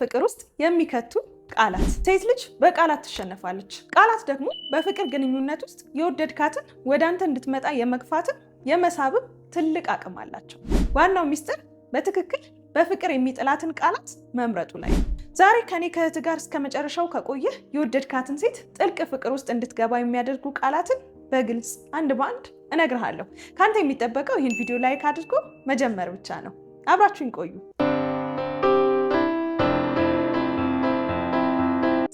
ፍቅር ውስጥ የሚከቱ ቃላት ሴት ልጅ በቃላት ትሸነፋለች። ቃላት ደግሞ በፍቅር ግንኙነት ውስጥ የወደድካትን ወደ አንተ እንድትመጣ የመግፋትን የመሳብም ትልቅ አቅም አላቸው። ዋናው ሚስጥር በትክክል በፍቅር የሚጥላትን ቃላት መምረጡ ላይ ዛሬ ከኔ ከእህት ጋር እስከ መጨረሻው ከቆየህ የወደድካትን ሴት ጥልቅ ፍቅር ውስጥ እንድትገባ የሚያደርጉ ቃላትን በግልጽ አንድ በአንድ እነግርሃለሁ። ከአንተ የሚጠበቀው ይህን ቪዲዮ ላይክ አድርጎ መጀመር ብቻ ነው። አብራችሁን ቆዩ።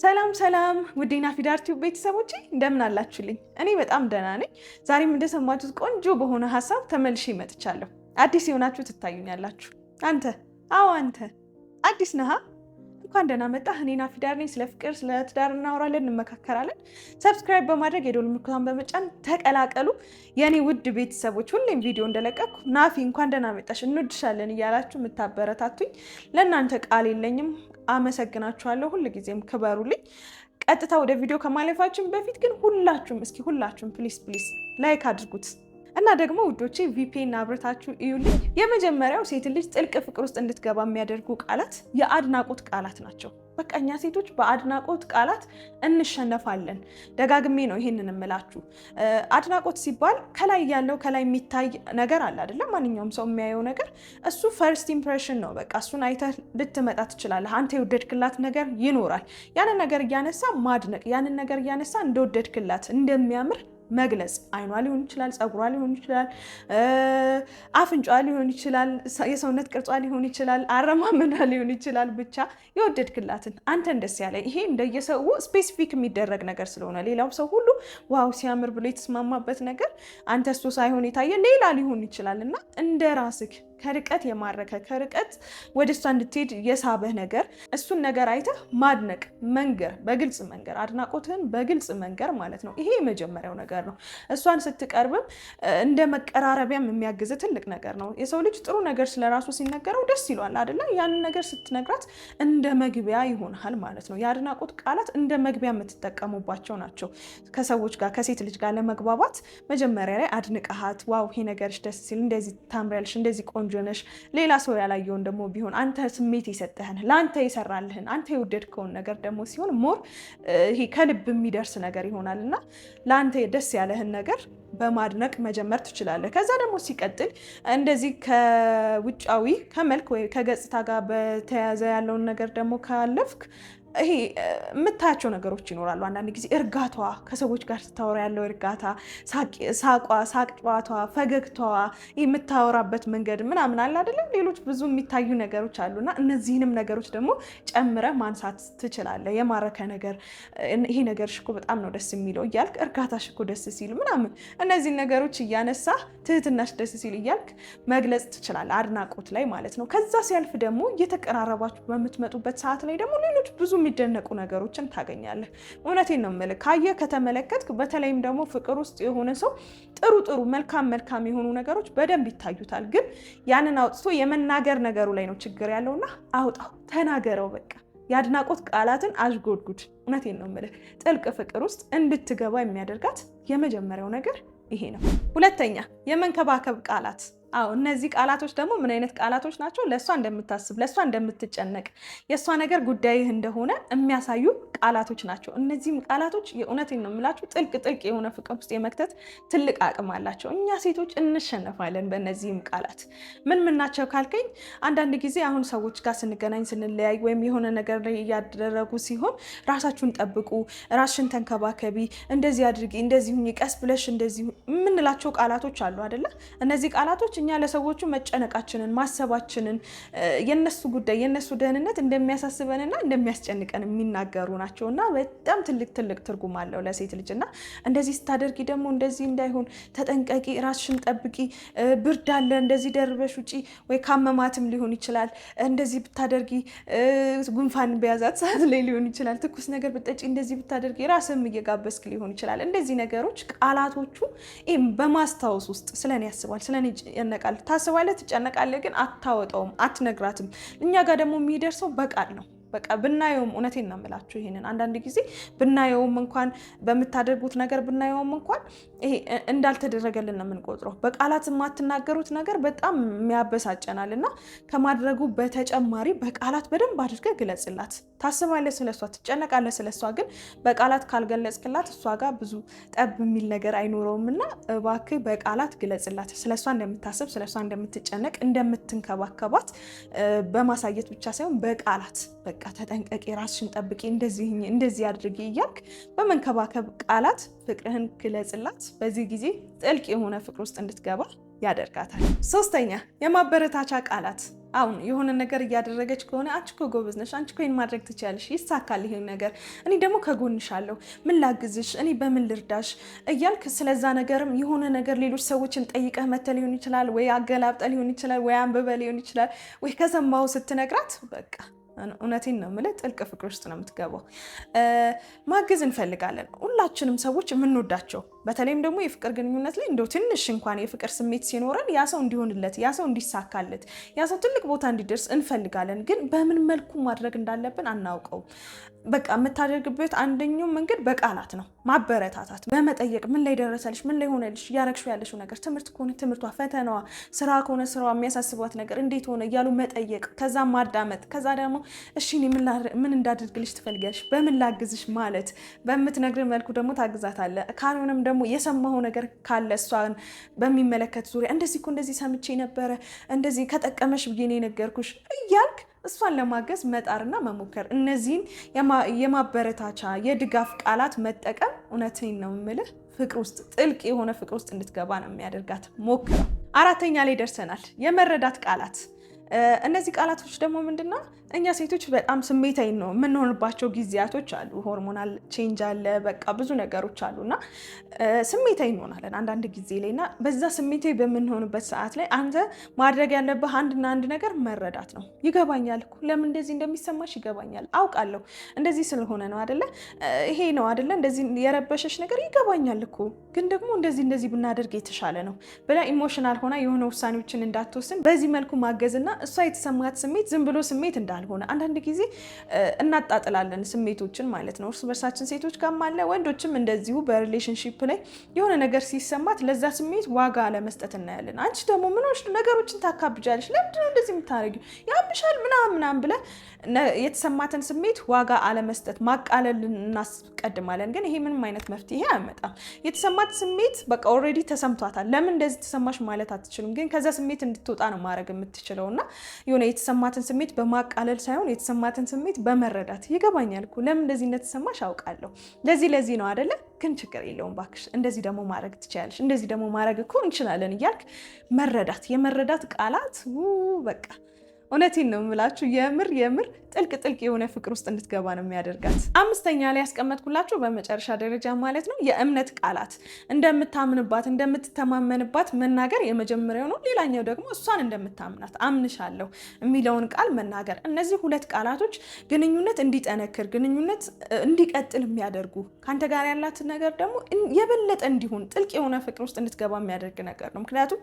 ሰላም ሰላም ውዴ ናፊዳር ቲዩብ ቤተሰቦቼ እንደምን አላችሁልኝ? እኔ በጣም ደህና ነኝ። ዛሬም እንደሰማችሁት ቆንጆ በሆነ ሀሳብ ተመልሼ መጥቻለሁ። አዲስ የሆናችሁ ትታዩኛላችሁ። አንተ፣ አዎ አንተ አዲስ ነሃ? እንኳን ደህና መጣህ። እኔ ናፊዳር ነኝ። ስለ ፍቅር፣ ስለ ትዳር እናወራለን፣ እንመካከራለን። ሰብስክራይብ በማድረግ የደወል ምልክቷን በመጫን ተቀላቀሉ የእኔ ውድ ቤተሰቦች። ሁሌም ቪዲዮ እንደለቀቅኩ ናፊ እንኳን ደህና መጣሽ እንወድሻለን እያላችሁ የምታበረታቱኝ ለእናንተ ቃል የለኝም አመሰግናችኋለሁ። ጊዜም ክበሩልኝ። ቀጥታ ወደ ቪዲዮ ከማለፋችን በፊት ግን ሁላችሁም እስኪ ሁላችሁም ፕሊስ ፕሊስ ላይክ አድርጉት እና ደግሞ ውዶቼ ቪፒኤን አብረታችሁ እዩልኝ። የመጀመሪያው ሴት ልጅ ጥልቅ ፍቅር ውስጥ እንድትገባ የሚያደርጉ ቃላት የአድናቆት ቃላት ናቸው። በቃ እኛ ሴቶች በአድናቆት ቃላት እንሸነፋለን። ደጋግሜ ነው ይሄንን እምላችሁ። አድናቆት ሲባል ከላይ ያለው ከላይ የሚታይ ነገር አለ አይደለም? ማንኛውም ሰው የሚያየው ነገር እሱ ፈርስት ኢምፕሬሽን ነው። በቃ እሱን አይተህ ልትመጣ ትችላለህ። አንተ የወደድክላት ነገር ይኖራል። ያንን ነገር እያነሳ ማድነቅ፣ ያንን ነገር እያነሳ እንደወደድክላት እንደሚያምር መግለጽ አይኗ ሊሆን ይችላል፣ ፀጉሯ ሊሆን ይችላል፣ አፍንጫ ሊሆን ይችላል፣ የሰውነት ቅርጿ ሊሆን ይችላል፣ አረማመዷ ሊሆን ይችላል። ብቻ የወደድክላትን አንተን ደስ ያለ ይሄ እንደየሰው ስፔሲፊክ የሚደረግ ነገር ስለሆነ ሌላው ሰው ሁሉ ዋው ሲያምር ብሎ የተስማማበት ነገር አንተ እሱ ሳይሆን የታየ ሌላ ሊሆን ይችላል እና እንደ ራስክ ከርቀት የማረከ ከርቀት ወደ እሷ እንድትሄድ የሳበህ ነገር እሱን ነገር አይተህ ማድነቅ መንገር፣ በግልጽ መንገር፣ አድናቆትህን በግልጽ መንገር ማለት ነው። ይሄ የመጀመሪያው ነገር ነው። እሷን ስትቀርብም እንደ መቀራረቢያም የሚያግዝ ትልቅ ነገር ነው። የሰው ልጅ ጥሩ ነገር ስለራሱ ሲነገረው ደስ ይሏል አደለ? ያንን ነገር ስትነግራት እንደ መግቢያ ይሆናል ማለት ነው። የአድናቆት ቃላት እንደ መግቢያ የምትጠቀሙባቸው ናቸው። ከሰዎች ጋር ከሴት ልጅ ጋር ለመግባባት መጀመሪያ ላይ አድንቀሃት፣ ዋው ይሄ ነገርሽ ደስ ሲል፣ እንደዚህ ታምሪያለሽ፣ እንደዚህ ቆ ቆንጆ ነሽ፣ ሌላ ሰው ያላየውን ደግሞ ቢሆን አንተ ስሜት የሰጠህን ለአንተ የሰራልህን አንተ የወደድከውን ነገር ደግሞ ሲሆን ሞር ይሄ ከልብ የሚደርስ ነገር ይሆናል እና ለአንተ ደስ ያለህን ነገር በማድነቅ መጀመር ትችላለህ። ከዛ ደግሞ ሲቀጥል እንደዚህ ከውጫዊ ከመልክ ወይ ከገጽታ ጋር በተያያዘ ያለውን ነገር ደግሞ ካለፍክ ይሄ የምታያቸው ነገሮች ይኖራሉ። አንዳንድ ጊዜ እርጋቷ፣ ከሰዎች ጋር ስታወራ ያለው እርጋታ፣ ሳቋ፣ ሳቅ ጨዋቷ፣ ፈገግታዋ፣ የምታወራበት መንገድ ምናምን አለ አይደለም። ሌሎች ብዙ የሚታዩ ነገሮች እና እነዚህንም ነገሮች ደግሞ ጨምረ ማንሳት ትችላለ የማረከ ነገር ይሄ ነገር ሽኮ በጣም ነው ደስ የሚለው እያልክ እርጋታ ሽኮ ደስ ሲል ምናምን እነዚህን ነገሮች እያነሳ ትህትናሽ ደስ ሲል እያልክ መግለጽ ትችላለ አድናቆት ላይ ማለት ነው። ከዛ ሲያልፍ ደግሞ እየተቀራረባችሁ በምትመጡበት ሰዓት ላይ ደግሞ ሌሎች ብዙ የሚደነቁ ነገሮችን ታገኛለህ። እውነቴን ነው የምልህ። ካየህ ከተመለከትክ፣ በተለይም ደግሞ ፍቅር ውስጥ የሆነ ሰው ጥሩ ጥሩ መልካም መልካም የሆኑ ነገሮች በደንብ ይታዩታል። ግን ያንን አውጥቶ የመናገር ነገሩ ላይ ነው ችግር ያለውና አውጣው፣ ተናገረው በቃ የአድናቆት ቃላትን አዥጎድጉድ። እውነቴን ነው የምልህ ጥልቅ ፍቅር ውስጥ እንድትገባ የሚያደርጋት የመጀመሪያው ነገር ይሄ ነው። ሁለተኛ የመንከባከብ ቃላት አዎ እነዚህ ቃላቶች ደግሞ ምን አይነት ቃላቶች ናቸው? ለእሷ እንደምታስብ ለእሷ እንደምትጨነቅ የእሷ ነገር ጉዳይህ እንደሆነ የሚያሳዩ ቃላቶች ናቸው። እነዚህም ቃላቶች የእውነቴን ነው የምላችሁ ጥልቅ ጥልቅ የሆነ ፍቅር ውስጥ የመክተት ትልቅ አቅም አላቸው። እኛ ሴቶች እንሸነፋለን በእነዚህም ቃላት። ምን ምን ናቸው ካልከኝ፣ አንዳንድ ጊዜ አሁን ሰዎች ጋር ስንገናኝ ስንለያይ፣ ወይም የሆነ ነገር ላይ እያደረጉ ሲሆን ራሳችሁን ጠብቁ፣ ራስሽን ተንከባከቢ፣ እንደዚህ አድርጊ፣ እንደዚህ ቀስ ብለሽ እንደዚህ የምንላቸው ቃላቶች አሉ አይደለ? እነዚህ ቃላቶች እኛ ለሰዎቹ መጨነቃችንን ማሰባችንን የነሱ ጉዳይ የነሱ ደህንነት እንደሚያሳስበንና እንደሚያስጨንቀን የሚናገሩ ናቸው እና በጣም ትልቅ ትልቅ ትርጉም አለው ለሴት ልጅ እና እንደዚህ ስታደርጊ ደግሞ እንደዚህ እንዳይሆን ተጠንቀቂ፣ ራስሽን ጠብቂ፣ ብርድ አለ እንደዚህ ደርበሽ ውጪ ወይ ካመማትም ሊሆን ይችላል። እንደዚህ ብታደርጊ ጉንፋን በያዛት ሰዓት ላይ ሊሆን ይችላል። ትኩስ ነገር ብጠጪ፣ እንደዚህ ብታደርጊ ራስም እየጋበስክ ሊሆን ይችላል። እንደዚህ ነገሮች ቃላቶቹ በማስታወስ ውስጥ ስለኔ ያስባል ስለኔ ትጨነቃለህ፣ ታስባለህ፣ ትጨነቃለህ፣ ግን አታወጣውም፣ አትነግራትም። እኛ ጋር ደግሞ የሚደርሰው በቃል ነው። በቃ ብናየውም እውነቴን ነው የምላችሁ ይሄንን አንዳንድ ጊዜ ብናየውም እንኳን በምታደርጉት ነገር ብናየውም እንኳን ይሄ እንዳልተደረገልን ነው የምንቆጥረው። በቃላት የማትናገሩት ነገር በጣም የሚያበሳጨናል እና ከማድረጉ በተጨማሪ በቃላት በደንብ አድርገህ ግለጽላት። ታስባለህ ስለሷ፣ ትጨነቃለህ ስለሷ። ግን በቃላት ካልገለጽክላት እሷ ጋር ብዙ ጠብ የሚል ነገር አይኖረውም እና እባክህ በቃላት ግለጽላት ስለሷ እንደምታስብ፣ ስለሷ እንደምትጨነቅ፣ እንደምትንከባከባት በማሳየት ብቻ ሳይሆን በቃላት በቃ ተጠንቀቂ፣ ራስሽን ጠብቂ፣ እንደዚህ እንደዚህ አድርጊ እያልክ በመንከባከብ ቃላት ፍቅርህን ክለጽላት። በዚህ ጊዜ ጥልቅ የሆነ ፍቅር ውስጥ እንድትገባ ያደርጋታል። ሶስተኛ የማበረታቻ ቃላት። አሁን የሆነ ነገር እያደረገች ከሆነ አንቺ እኮ ጎበዝ ነሽ፣ አንቺ እኮ ማድረግ ትችያለሽ፣ ይሳካል ይሄን ነገር፣ እኔ ደግሞ ከጎንሻለሁ፣ ምን ላግዝሽ፣ እኔ በምን ልርዳሽ እያልክ ስለዛ ነገርም የሆነ ነገር ሌሎች ሰዎችን ጠይቀህ መተ ሊሆን ይችላል፣ ወይ አገላብጠ ሊሆን ይችላል፣ ወይ አንብበ ሊሆን ይችላል፣ ወይ ከሰማሁ ስትነግራት በቃ እውነቴን ነው የምልህ፣ ጥልቅ ፍቅር ውስጥ ነው የምትገባው። ማገዝ እንፈልጋለን ሁላችንም ሰዎች የምንወዳቸው በተለይም ደግሞ የፍቅር ግንኙነት ላይ እንደው ትንሽ እንኳን የፍቅር ስሜት ሲኖረን ያ ሰው እንዲሆንለት ያ ሰው እንዲሳካለት ያ ሰው ትልቅ ቦታ እንዲደርስ እንፈልጋለን። ግን በምን መልኩ ማድረግ እንዳለብን አናውቀው? በቃ የምታደርግበት አንደኛው መንገድ በቃላት ነው። ማበረታታት፣ በመጠየቅ ምን ላይ ደረሰልሽ፣ ምን ላይ ሆነልሽ፣ እያረግሽው ያለሽው ነገር ትምህርት ከሆነ ትምህርቷ፣ ፈተናዋ፣ ስራ ከሆነ ስራዋ፣ የሚያሳስቧት ነገር እንዴት ሆነ እያሉ መጠየቅ፣ ከዛ ማዳመጥ፣ ከዛ ደግሞ እሺ ምን እንዳደርግልሽ ትፈልጊያለሽ፣ በምን ላግዝሽ ማለት፣ በምትነግር መልኩ ደግሞ ታግዛታለህ ካልሆነም ደግሞ የሰማው ነገር ካለ እሷን በሚመለከት ዙሪያ እንደዚህ እኮ እንደዚህ ሰምቼ ነበረ እንደዚህ ከጠቀመሽ ብዬ ነው የነገርኩሽ እያልክ እሷን ለማገዝ መጣርና መሞከር፣ እነዚህን የማበረታቻ የድጋፍ ቃላት መጠቀም እውነትን ነው የምልህ ፍቅር ውስጥ ጥልቅ የሆነ ፍቅር ውስጥ እንድትገባ ነው የሚያደርጋት። ሞክረው። አራተኛ ላይ ደርሰናል፣ የመረዳት ቃላት። እነዚህ ቃላቶች ደግሞ ምንድን ነው? እኛ ሴቶች በጣም ስሜታዊ ነው የምንሆንባቸው ጊዜያቶች አሉ። ሆርሞናል ቼንጅ አለ፣ በቃ ብዙ ነገሮች አሉ እና ስሜታዊ እንሆናለን አንዳንድ ጊዜ ላይ እና በዛ ስሜታዊ በምንሆንበት ሰዓት ላይ አንተ ማድረግ ያለብህ አንድና አንድ ነገር መረዳት ነው። ይገባኛል እኮ ለምን እንደዚህ እንደሚሰማሽ ይገባኛል፣ አውቃለሁ፣ እንደዚህ ስለሆነ ነው አደለ፣ ይሄ ነው አደለ፣ እንደዚህ የረበሸሽ ነገር ይገባኛል እኮ ግን ደግሞ እንደዚህ እንደዚህ ብናደርግ የተሻለ ነው ብላ ኢሞሽናል ሆና የሆነ ውሳኔዎችን እንዳትወስን በዚህ መልኩ ማገዝና እሷ የተሰማት ስሜት ዝም ብሎ ስሜት እንዳ እንዳልሆነ አንዳንድ ጊዜ እናጣጥላለን ስሜቶችን ማለት ነው። እርስ በርሳችን ሴቶች ጋርም አለ ወንዶችም እንደዚሁ በሪሌሽንሺፕ ላይ የሆነ ነገር ሲሰማት ለዛ ስሜት ዋጋ ለመስጠት እናያለን። አንቺ ደግሞ ምን ሆንሽ ነገሮችን ታካብጃለሽ፣ ለምንድነው እንደዚህ የምታደርጊው፣ ያምሻል ምናምን ምናምን ብለ የተሰማትን ስሜት ዋጋ አለመስጠት ማቃለል እናስቀድማለን። ግን ይሄ ምንም አይነት መፍትሄ አያመጣም። የተሰማት ስሜት በቃ ኦልሬዲ ተሰምቷታል። ለምን እንደዚህ ተሰማሽ ማለት አትችሉም ግን ከዛ ስሜት እንድትወጣ ነው ማድረግ የምትችለው እና የሆነ የተሰማትን ስሜት በማቃለል በማማለል ሳይሆን የተሰማትን ስሜት በመረዳት ይገባኛል እኮ ለምን እንደዚህ እንደተሰማሽ አውቃለሁ፣ ለዚህ ለዚህ ነው አይደለ? ግን ችግር የለውም ባክሽ፣ እንደዚህ ደግሞ ማድረግ ትችያለሽ፣ እንደዚህ ደግሞ ማድረግ እኮ እንችላለን እያልክ መረዳት የመረዳት ቃላት በቃ እውነቴን ነው የምላችሁ። የምር የምር ጥልቅ ጥልቅ የሆነ ፍቅር ውስጥ እንድትገባ ነው የሚያደርጋት። አምስተኛ ላይ ያስቀመጥኩላችሁ በመጨረሻ ደረጃ ማለት ነው የእምነት ቃላት፣ እንደምታምንባት እንደምትተማመንባት መናገር የመጀመሪያው ነው። ሌላኛው ደግሞ እሷን እንደምታምናት አምንሻለሁ የሚለውን ቃል መናገር። እነዚህ ሁለት ቃላቶች ግንኙነት እንዲጠነክር፣ ግንኙነት እንዲቀጥል የሚያደርጉ ከአንተ ጋር ያላት ነገር ደግሞ የበለጠ እንዲሆን ጥልቅ የሆነ ፍቅር ውስጥ እንድትገባ የሚያደርግ ነገር ነው። ምክንያቱም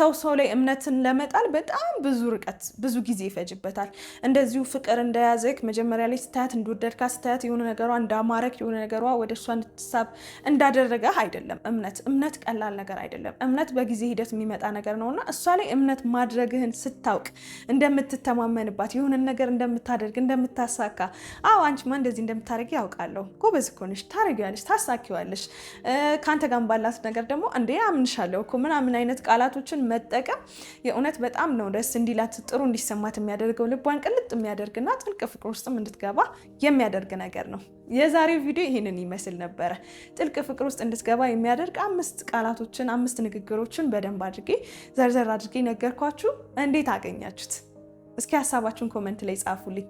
ሰው ሰው ላይ እምነትን ለመጣል በጣም ብዙ ርቀት ብዙ ጊዜ ይፈጅበታል። እንደዚሁ ፍቅር እንደያዘክ መጀመሪያ ላይ ስታያት እንደወደድካ ስታያት የሆነ ነገሯ እንዳማረክ የሆነ ነገሯ ወደ እሷ እንድትሳብ እንዳደረገ አይደለም። እምነት እምነት ቀላል ነገር አይደለም። እምነት በጊዜ ሂደት የሚመጣ ነገር ነውና እሷ ላይ እምነት ማድረግህን ስታውቅ እንደምትተማመንባት የሆነ ነገር እንደምታደርግ እንደምታሳካ፣ አዎ አንቺማ እንደዚህ እንደምታደርጊ ያውቃለሁ፣ ጎበዝ እኮ ነሽ፣ ታደርጊዋለሽ፣ ታሳኪዋለሽ፣ ከአንተ ጋር ባላት ነገር ደግሞ እንዴ አምንሻለሁ እኮ ምናምን አይነት ቃላቶችን መጠቀም የእውነት በጣም ነው ደስ እንዲላት ጥሩ እንዲሰ እንዲሰማት የሚያደርገው ልቧን ቅልጥ የሚያደርግና ጥልቅ ፍቅር ውስጥም እንድትገባ የሚያደርግ ነገር ነው። የዛሬው ቪዲዮ ይህንን ይመስል ነበረ። ጥልቅ ፍቅር ውስጥ እንድትገባ የሚያደርግ አምስት ቃላቶችን አምስት ንግግሮችን በደንብ አድርጌ ዘርዘር አድርጌ ነገርኳችሁ። እንዴት አገኛችሁት? እስኪ ሀሳባችሁን ኮመንት ላይ ጻፉልኝ።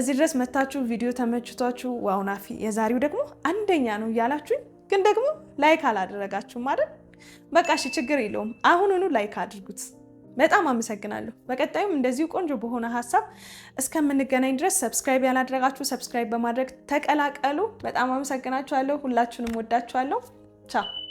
እዚህ ድረስ መታችሁ ቪዲዮ ተመችቷችሁ ዋው ናፊ የዛሬው ደግሞ አንደኛ ነው እያላችሁኝ ግን ደግሞ ላይክ አላደረጋችሁም አይደል? በቃ እሺ ችግር የለውም። አሁኑኑ ላይክ አድርጉት። በጣም አመሰግናለሁ። በቀጣዩም እንደዚሁ ቆንጆ በሆነ ሀሳብ እስከምንገናኝ ድረስ ሰብስክራይብ ያላደረጋችሁ ሰብስክራይብ በማድረግ ተቀላቀሉ። በጣም አመሰግናችኋለሁ። ሁላችሁንም ወዳችኋለሁ። ቻው